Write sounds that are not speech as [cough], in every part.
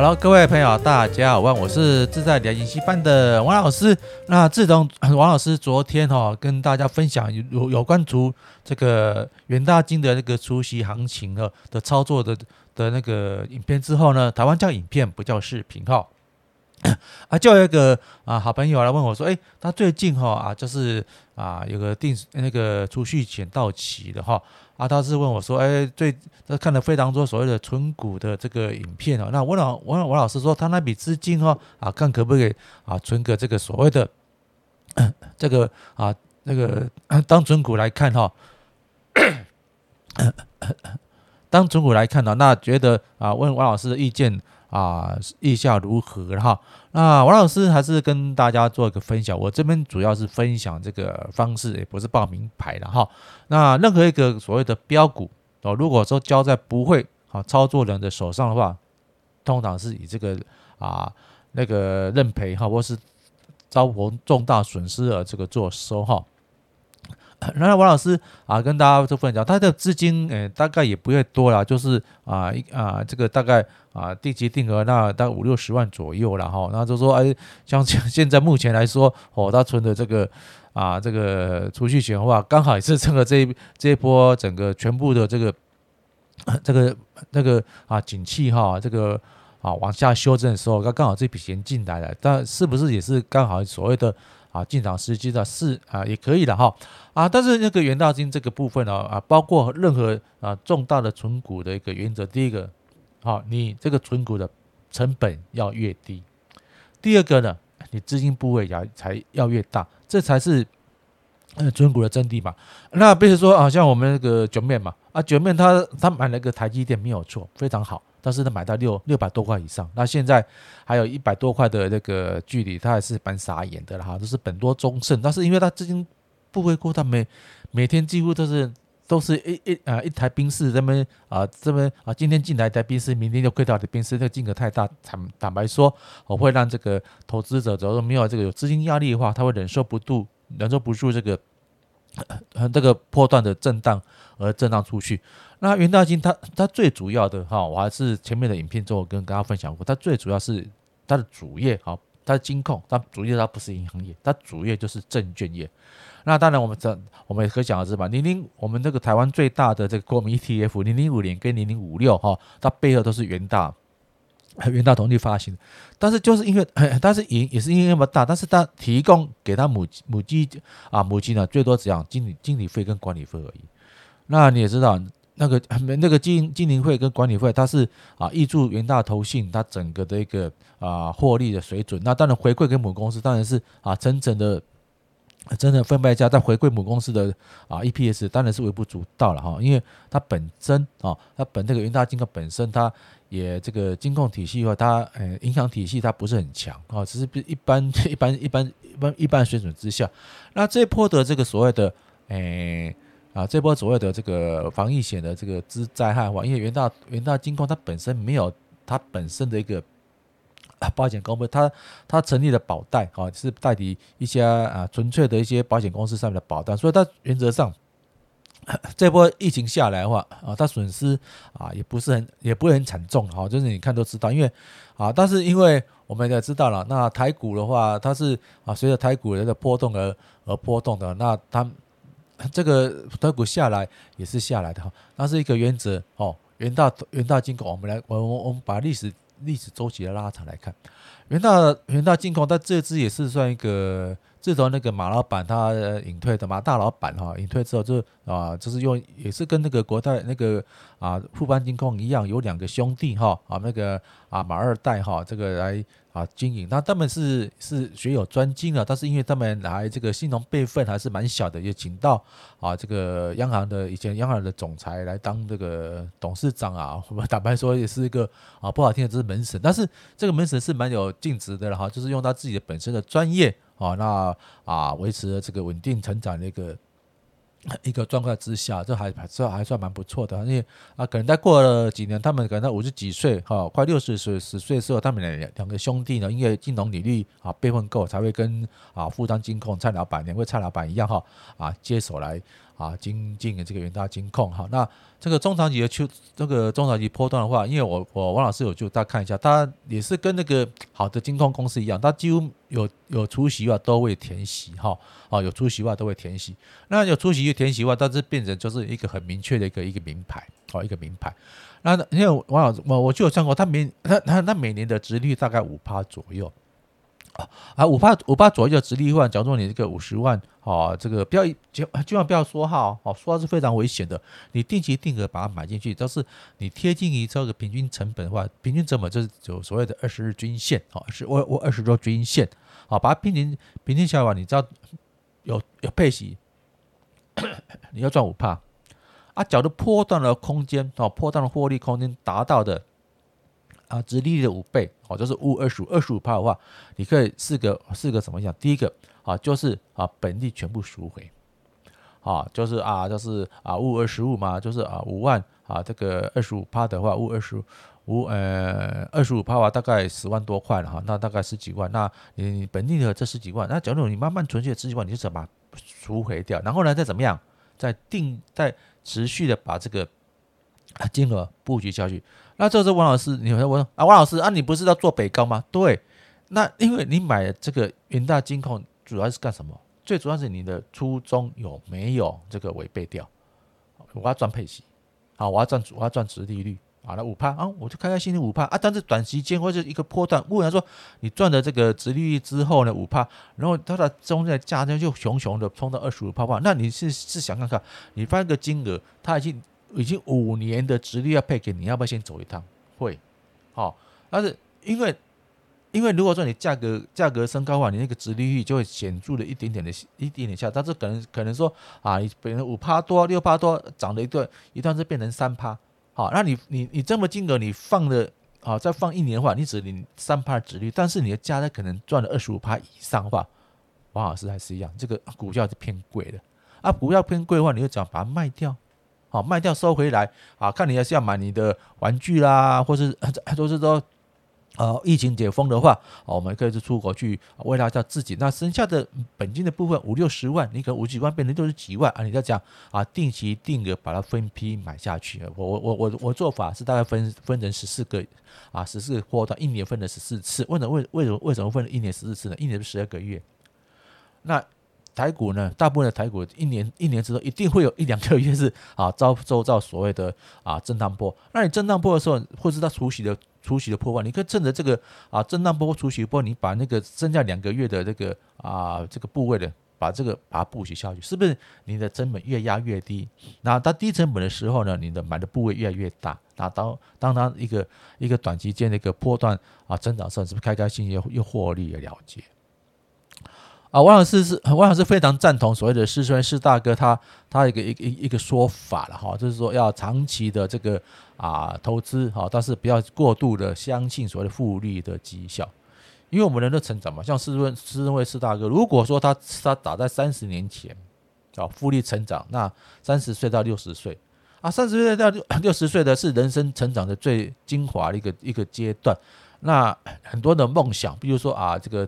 好了，Hello, 各位朋友，大家好，我是自在理財研習班的王老師。那自從王老師昨天哈、哦、跟大家分享有有關於這個元大金的這個除息行情的的操作的的那個影片之後呢，台灣叫影片不叫視頻哈、哦。 [coughs] 啊，叫一個啊，好朋友來問我說：“誒、欸，他最近哈、哦、啊，就是啊，有個定時那個儲蓄險到期的哈、哦，啊，他是問我說：誒、欸，最他看了非常多所謂的存股的這個影片哦。那問老問王老師說，他那筆資金哈、哦、啊，看可不可以啊存個這個所謂的、嗯、這個啊那、這個當存股來看哈，當存股來看呢、哦 [coughs] 哦，那覺得啊，問王老師的意見。”啊，意下如何哈？那王老師還是跟大家做一個分享。我這邊主要是分享這個方式，也不是報名牌了哈。那任何一個所謂的標股哦，如果說交在不會啊操作人的手上的話，通常是以這個啊那個認賠哈，或是遭逢重大損失的這個做收哈。然後王老師啊，跟大家做分享，他的資金誒、呃，大概也不會多啦，就是啊一啊這個大概啊定期定額那到五六十萬左右了哈、哦，那就說哎，像像現在目前來說，哦他存的這個啊這個儲蓄險的話，剛好也是趁着這一這一波整個全部的這個這個這個啊景氣哈，這個、這個、啊，、哦這個、啊往下修正的時候，他剛好這筆錢進來了，但是不是也是剛好所謂的？啊，進場時機的是啊，也可以的哈啊，但是那個元大金這個部分呢啊，啊，包括任何啊重大的存股的一個原則，第一個，好、啊，你這個存股的成本要越低；第二個呢，你資金部位也才要越大，這才是嗯存股的真諦嘛。那比如說啊，啊像我們那個卷面嘛，啊卷面他他買了一個台積電沒有錯，非常好。但是他買到六六百多塊以上，那現在還有一百多塊的那個距離，他還是蠻傻眼的了哈。就是本多終勝，但是因為他資金不回鍋，他每每天幾乎都是都是一一啊一台賓士這邊啊這邊啊，今天進來一台賓士，明天又虧掉一台賓士，這個金額太大，坦坦白說，我會讓這個投資者，假如說沒有這個有資金壓力的話，他會忍受不住忍受不住這個。呃，這個波段的震盪而震盪出去。那元大金，它它最主要的哈、哦，我還是前面的影片中我跟大家分享過，它最主要是它的主業哈，它的金控，它主業它不是銀行業，它主業就是證券業。那當然我們這我們也可想而知吧，零零我們這個台灣最大的這個國民 ETF 零零五零跟零零五六哈，它背後都是元大。元大投信發行，但是就是因為，但是也也是因為那麼大，但是他提供給他母母雞啊母雞呢，最多只要經理經理費跟管理費而已。那你也知道，那個那個經經理費跟管理費，它是啊，挹注元大投信它整個的一個啊獲利的水準。那當然回饋給母公司，當然是啊，真正的。真的分派家，在回歸母公司的啊、e、EPS 當然是微不足道了哈，因為它本身啊，它本這個元大金控本身它也這個金控體系的話，它嗯銀行體系它不是很強啊，只是比一般一般一般一般一般水準之下。那這波的這個所謂的誒、哎、啊，這波所謂的這個防疫險的這個之災害話，因為元大元大金控它本身沒有它本身的一個。保險公司，它它成立了保代哈，是代理一些啊純粹的一些保險公司上面的保單，所以它原則上這波疫情下來的話啊，它損失啊也不是很也不會很慘重哈，就是你看都知道，因為啊，但是因為我們也知道了，那台股的話，它是啊隨着台股的一個波動而而波動的，那它這個台股下來也是下來的哈，那是一個原則哦，元大元大金控，我們來我我我們把歷史。歷史周期的拉長來看原，元大元大金控，它這支也是算一個自從那個馬老闆他隱退的嘛，大老闆哈隱退之後就，就啊就是用也是跟那個國泰那個啊富邦金控一樣，有兩個兄弟哈、哦、啊那個啊馬二代哈、哦、這個來。啊，經營，那他們是是學有專精啊，但是因為他們來這個金融輩份還是蠻小的，也請到啊這個央行的以前央行的總裁來當這個董事長啊，我們坦白說也是一個啊不好聽的，只是門神，但是這個門神是蠻有盡職的了哈、啊，就是用他自己的本身的專業啊，那啊維持了這個穩定成長的一個。一個狀況之下，這還還算還算蠻不錯的。因為啊，可能再過了幾年，他們可能在五十幾歲哈、哦，快六十歲十,十歲的時候，他們兩兩個兄弟呢，因為金融履歷啊，輩分夠，才會跟啊，富邦金控蔡老闆，兩位蔡老闆一樣哈啊，接手來。啊，精進的這個元大金控哈，那這個中長期的區，這個中長期波段的話，因為我我王老師有就大家看一下，他也是跟那個好的金控公司一樣，他幾乎有出有除息的話都會填息哈，啊有除息的話都會填息，那有除息又填息的話，但是變成就是一個很明確的一個一個名牌。哦，一個名牌，那因為王老師我我就有算過，他每他他他每年的殖率大概五趴左右。啊，五趴五趴左右的殖利率，假如說你這個五十萬，啊，這個不要，盡千萬不要梭哈哦、啊，梭哈是非常危險的。你定期定額把它買進去，但是你貼近於這個平均成本的話，平均成本就是就所謂的二十日均線，哦、啊，是我我二十多均線，啊，把它平均平均下來吧，你知道有有配息，你要賺五趴，啊，角度波段的空間，哦、啊，波段的獲利空間達到的。啊，殖利率的五倍，哦，就是五五二十五二十五趴的話，你可以四個四個怎麼樣？第一個，啊，就是啊，本利全部贖回，啊，就是啊，就是啊，五五二十五嘛，就是啊，五萬啊，這個二十五趴的話，五五二十五呃二十五趴的話，大概十萬多塊了哈、啊，那大概十幾萬，那你本利的這十幾萬，那假如你慢慢存起來十幾萬，你就先把它贖回掉，然後呢，再怎麼樣，再定再持續的把這個。啊，金額布局下去，那這時候王老師，你們說，啊，王老師啊，你不是要做北高嗎？對，那因為你買這個元大金控，主要是幹什麼？最主要是你的初衷有沒有這個違背掉？我要賺配息，好，我要賺，我要賺殖利率，啊，好了，五趴啊，我就開開心心五趴啊。但是短時間或者一個波段，如果說你賺了這個殖利率之後呢，五趴，然後它的中間價錢就熊熊的衝到二十五趴。趴，那你是是想看看你發一個金額，它已經已經五年的殖利率要配給你，要不要先走一趟會？好，但是因為因為如果說你價格價格升高的話，你那個殖利率就會顯著的一點點的一點點下。但是可能可能說啊你5，你本來五趴多六、啊、趴多漲、啊、了一段一段，是變成三趴。好、啊，那你你你這麼金額你放的啊，再放一年的話，你只領三趴的殖利率，但是你的價格可能賺了二十五趴以上吧。王老師還是一樣，這個股票是偏貴的啊，股票偏貴的話，你會怎樣把它賣掉。啊，賣掉收回來啊！看你要是要買你的玩具啦，或是都是說，啊，疫情解封的話，哦，我們可以是出國去為了叫自己，那剩下的本金的部分五六十萬，你可能五幾萬變成六十幾萬啊！你再講啊，定期定額把它分批買下去、啊。我我我我我做法是大概分分成十四個啊，十四個波段一年分成十四次。為什麼為為什麼為什麼分成一年十四次呢？一年是十二個月，那，台股呢，大部分的台股一年一年之中一定會有一兩個月是啊，遭受到所謂的啊震盪波。那你震盪波的時候，或者是它初期的初期的破萬，你可以趁着這個啊震盪波、除期波，你把那個剩下兩個月的這個啊這個部位的，把這個把補下去，是不是你的成本越壓越低？那到低成本的時候呢，你的買的部位越來越大。那當當它一個一個短期間的一個波段啊增長上，是不是開開心心又獲利了結？啊，王老師是王老師非常贊同所謂的施昇輝大哥他，他他一個一一一個說法了哈、哦，就是說要長期的這個啊投資哈、哦，但是不要過度的相信所謂的複利的績效，因為我們人的成長嘛，像施、施昇輝大哥，如果說他他打在三十年前啊，複利成長，那三十歲到六十歲啊，三十歲到六六十歲的是人生成長的最精華的一個一個階段，那很多的夢想，比如說啊這個。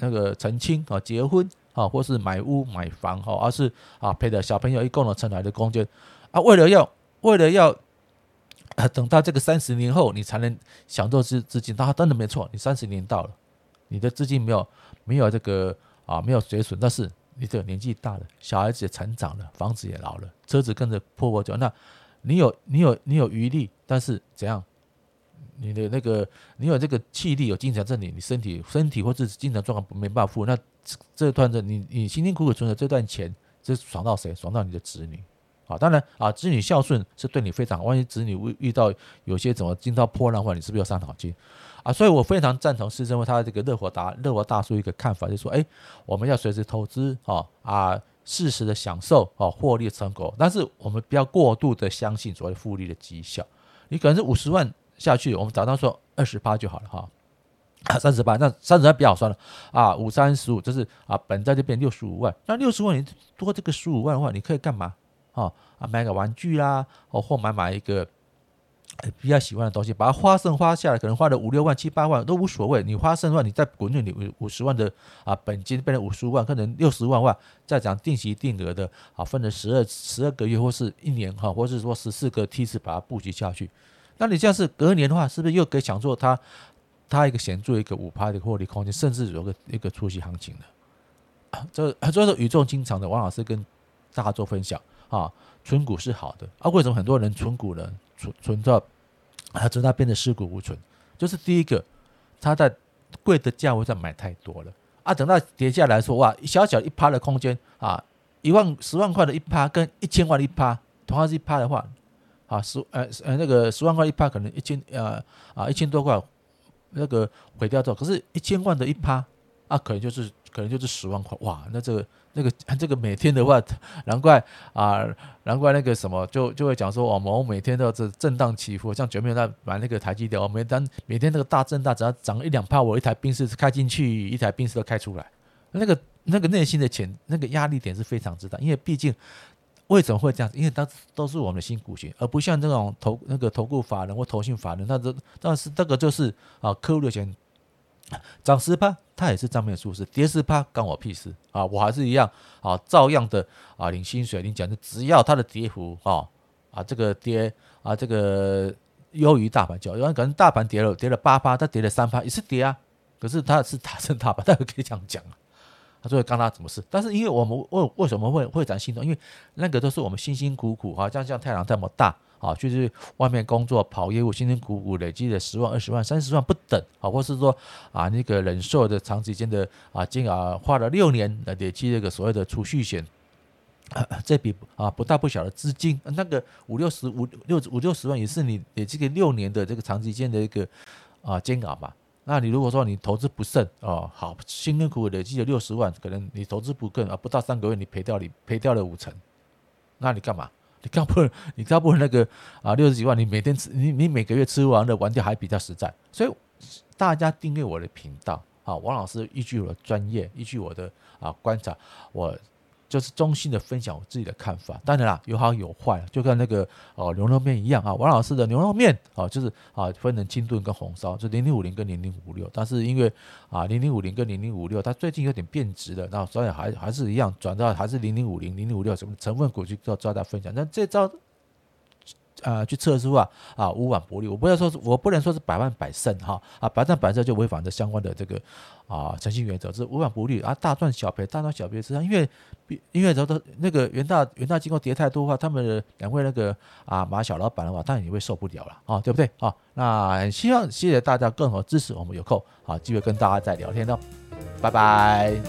那個成親啊，結婚啊，或是買屋買房哈，而是啊陪着小朋友一共同存來的空間。啊，為了要為了要啊，等到這個三十年後你才能享受資資金，他當然沒錯，你三十年到了，你的資金沒有沒有這個啊沒有水損，但是你這個年紀大了，小孩子也成長了，房子也老了，車子跟着破破舊，那你有你有你有餘力，但是怎樣？你的那個，你有這個氣力，有精神掙你，你身體身體或是精神狀況沒辦法富，那這段子你你辛辛苦苦存的這段錢，這是爽到誰？爽到你的子女啊！當然啊，子女孝順是對你非常。萬一子女遇遇到有些怎麼驚濤破浪的話，你是不是要傷腦筋啊？所以我非常贊同施昇輝他的這個樂活大樂活大叔一個看法，就是說，哎，我們要隨時投資、哦、啊啊，適時的享受啊、哦、獲利的成果，但是我們不要過度的相信所謂複利的績效。你可能是五十萬。下去，我們打算說二十八就好了哈，三十八，那三十八比較好算了啊五三十五，這是啊本在就變六十五萬，那六十萬你多這個十五萬的話，你可以幹嘛啊啊買個玩具啦、啊，或或買買一個比較喜歡的東西，把它花剩花下來，可能花了五六萬七八萬都無所謂，你花剩的話，你再滾內你五十萬的啊本金變成五十五萬，可能六十萬萬再講定期定額的啊分成十二十二個月或是一年哈，或是說十四個梯次把它布局下去。那你這樣是隔年的話，是不是又可以享受它它一個顯著一個五趴的獲利空間，甚至有個一個除息行情呢、啊啊？這所以說語重心長的王老師跟大家做分享啊，存股是好的啊。為什麼很多人存股呢？存存到啊，存到變得屍骨無存？就是第一個，他在貴的價位上買太多了啊。等到跌下來說哇，小小一趴的空間啊，一萬十萬塊的一趴跟一千萬一趴同樣是一趴的話。啊，十呃呃、啊，那個十萬塊一趴可能一千呃啊，啊一千多塊，那個毀掉之後。可是，一千萬的一趴，啊，可能就是可能就是十萬塊哇！那這個那個這個每天的話，難怪啊，難怪那個什麼就就會講說，我們每天都這震盪起伏，像前面那買那個台積電，我們當每天那個大震盪，只要漲一兩趴，我一台兵士開進去，一台兵士都開出來，那個那個內心的潛那個壓力點是非常之大，因為畢竟。為什麼會這樣子？因為它都是我們的辛苦錢，而不像這種投那個投顧法人或投信法人，他這但是這個就是啊，客戶的錢漲十趴，他也是賬面數字，跌十趴，關我屁事啊！我還是一樣啊，照樣的啊領薪水領獎金，只要它的跌幅啊，啊，這個跌啊，這個優於大盤就因為可能大盤跌了跌了八趴，它跌了三趴也是跌啊，可是它是它勝大盤，它可以這樣講他說要幹他什麼事？但是因為我們為為什麼會會長心動？因為那個都是我們辛辛苦苦哈，像像太陽這麼大啊，就是外面工作跑業務，辛辛苦苦累積的十萬、二十萬、三十萬不等啊，或是說啊那個忍受的長時間的啊煎熬，花了六年來累積這個所謂的儲蓄險啊這筆啊不大不小的資金，那個五六十、五六五六十萬也是你累積六年的這個長時間的一個啊煎熬吧。那你如果說你投資不慎哦，好，辛辛苦苦累積了六十萬，可能你投資不更啊，不到三個月你賠掉，你賠掉了五成，那你幹嘛？你幹不？你幹不？那個啊，六十幾萬，你每天吃，你你每個月吃完了玩掉還比較實在。所以大家訂閱我的頻道啊，王老師依據我的專業，依據我的啊觀察，我。就是衷心的分享我自己的看法，當然啦，有好有壞，就跟那個哦牛肉麵一樣啊，王老師的牛肉麵哦，就是啊分成清燉跟紅燒，就零零五零跟零零五六，但是因為啊零零五零跟零零五六它最近有點變質了，那所以還還是一樣轉到還是零零五零、零零五六什麼成分股去做招大家分享，那這招。呃，去測試啊，啊，無往不利。我不要說是，我不能說是百戰百勝哈，啊，百戰百勝就違反這相關的這個啊誠信原則，這是無往不利啊，大賺小賠，大賺小賠實際上因為，因為然後他那個元大元大金跌太多的話，他們兩位那個啊馬小老闆的話，當然也會受不了了啊，對不對啊？那希望謝謝大家更好支持，我們有空啊，機會跟大家再聊天哦。拜拜。